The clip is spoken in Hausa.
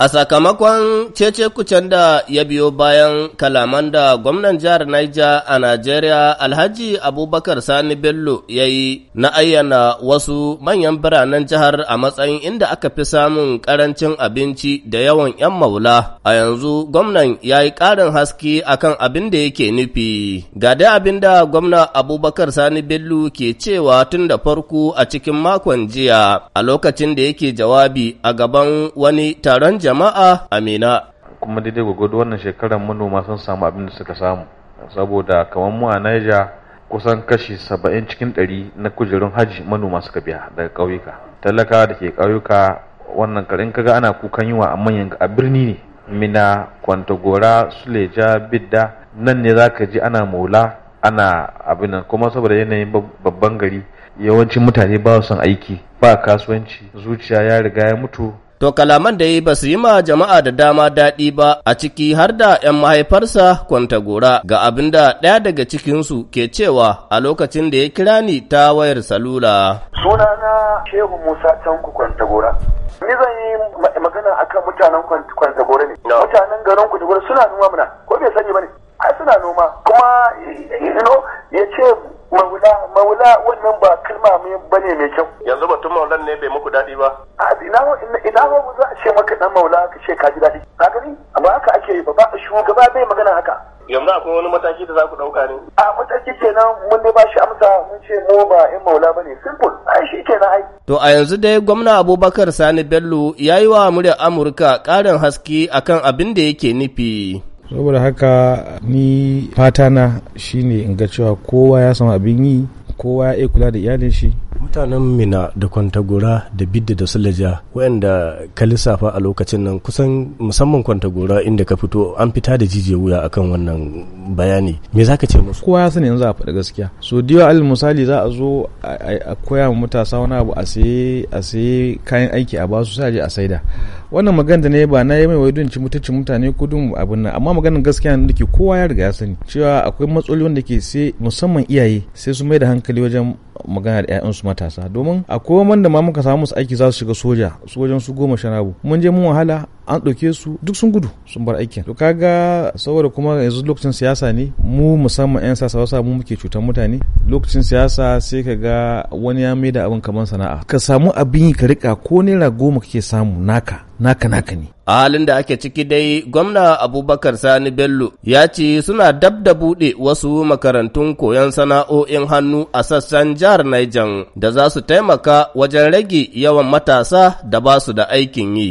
A sakamakon cece-kucen da ya biyo bayan kalaman da gwamnan jihar Niger a Najeriya Alhaji Abubakar Sani Bello ya yi na ayyana wasu manyan biranen jihar a matsayin inda aka fi samun karancin abinci da yawan 'yan maula. A yanzu gwamnan ya yi ƙarin haske akan abin da yake nufi. Ga dai abin da gwamna Abubakar Sani Bello ke cewa tun da farko a cikin makon jiya a lokacin da yake jawabi a gaban wani taron jama'a Amina. Kuma daidai gwagwado wannan shekarar manoma sun samu abin da suka samu. Saboda kamar mu a naija kusan kashi saba'in cikin ɗari na kujerun hajji manoma suka biya daga ƙauyuka. Talaka da ke ƙauyuka wannan karin kaga ana kukan yiwa a manyan a birni ne. Mina, Kwantagora, Suleja, Bidda nan ne za ka ji ana mola ana abin kuma saboda yanayin babban gari yawancin mutane ba son aiki ba kasuwanci zuciya ya riga ya mutu To kalaman da yi ba su yi ma jama'a da dama daɗi ba a ciki har da 'yan mahaifarsa Kwantagora ga abin da ɗaya daga cikinsu ke cewa a lokacin da ya kira ni ta wayar salula. Sunana Shehu Musa Tanku Kwantagora. Ni zan yi magana akan mutanen Kwantagora ne. Mutanen garin Kwantagora suna noma mana ko bai sani ba ne. Ai suna noma kuma ya ce maula maula wannan ba kalma mai bane mai kyau yanzu batun maulan ne bai muku daɗi ba a ina ina ba za a ce maka dan maula ka ce ka ji daɗi ka gani amma haka ake yi ba ba shugaba bai magana haka yanzu akwai wani mataki da za ku ɗauka ne a mataki kenan mun dai ba shi amsa mun ce mu ba in maula bane simple ai shi kenan ai to a yanzu dai gwamna Abubakar Sani Bello ya yi wa muryar Amurka ƙarin haske akan abin da yake nufi saboda haka ni fata na shine in ga cewa kowa ya samu abin yi kowa ya iya kula da iyalin shi mutanen mina da kwantagora da bidda da sulaja waɗanda ka lissafa a lokacin nan kusan musamman kwantagora inda ka fito an fita da jijiyar wuya akan wannan bayani me zaka ce musu kowa ya sani yanzu a faɗi gaskiya so diwa al misali za a zo a koya matasa wani abu a sai a sai kayan aiki a basu sai a je a saida wannan magana da ne ba na yi mai wai dunci mutuncin mutane ko dun abin nan amma maganar gaskiya da ke kowa ya riga ya sani cewa akwai matsaloli wanda ke sai musamman iyaye sai su mai da hankali wajen magana da 'ya'yansu matasa domin akwai wanda ma muka samu su aiki za su shiga soja su wajen su goma sharabu mun je mun wahala an ɗauke su duk sun gudu sun bar aikin to kaga saboda kuma yanzu lokacin siyasa ne mu musamman 'yan sasa wasa mu muke cutar mutane lokacin siyasa sai ka ga wani ya maida abin kamar sana'a ka samu abin yi ka rika ko naira goma kake samu naka naka naka ne a halin da ake ciki dai gwamna abubakar sani bello ya ce suna dab da buɗe wasu makarantun koyon sana'o'in hannu a sassan jihar Niger da za su taimaka wajen rage yawan matasa da ba su da aikin yi